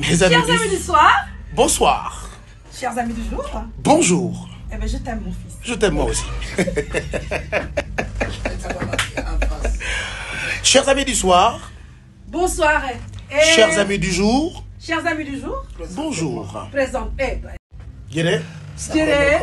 Mes amis, Chers amis du soir. Bonsoir. Chers amis du jour. Bonjour. Eh bien, je t'aime, mon fils. Je t'aime, moi aussi. Chers amis du soir. Bonsoir. Chers amis du jour. Chers amis du jour. Bonjour. Présent. Jere. Eh, ben.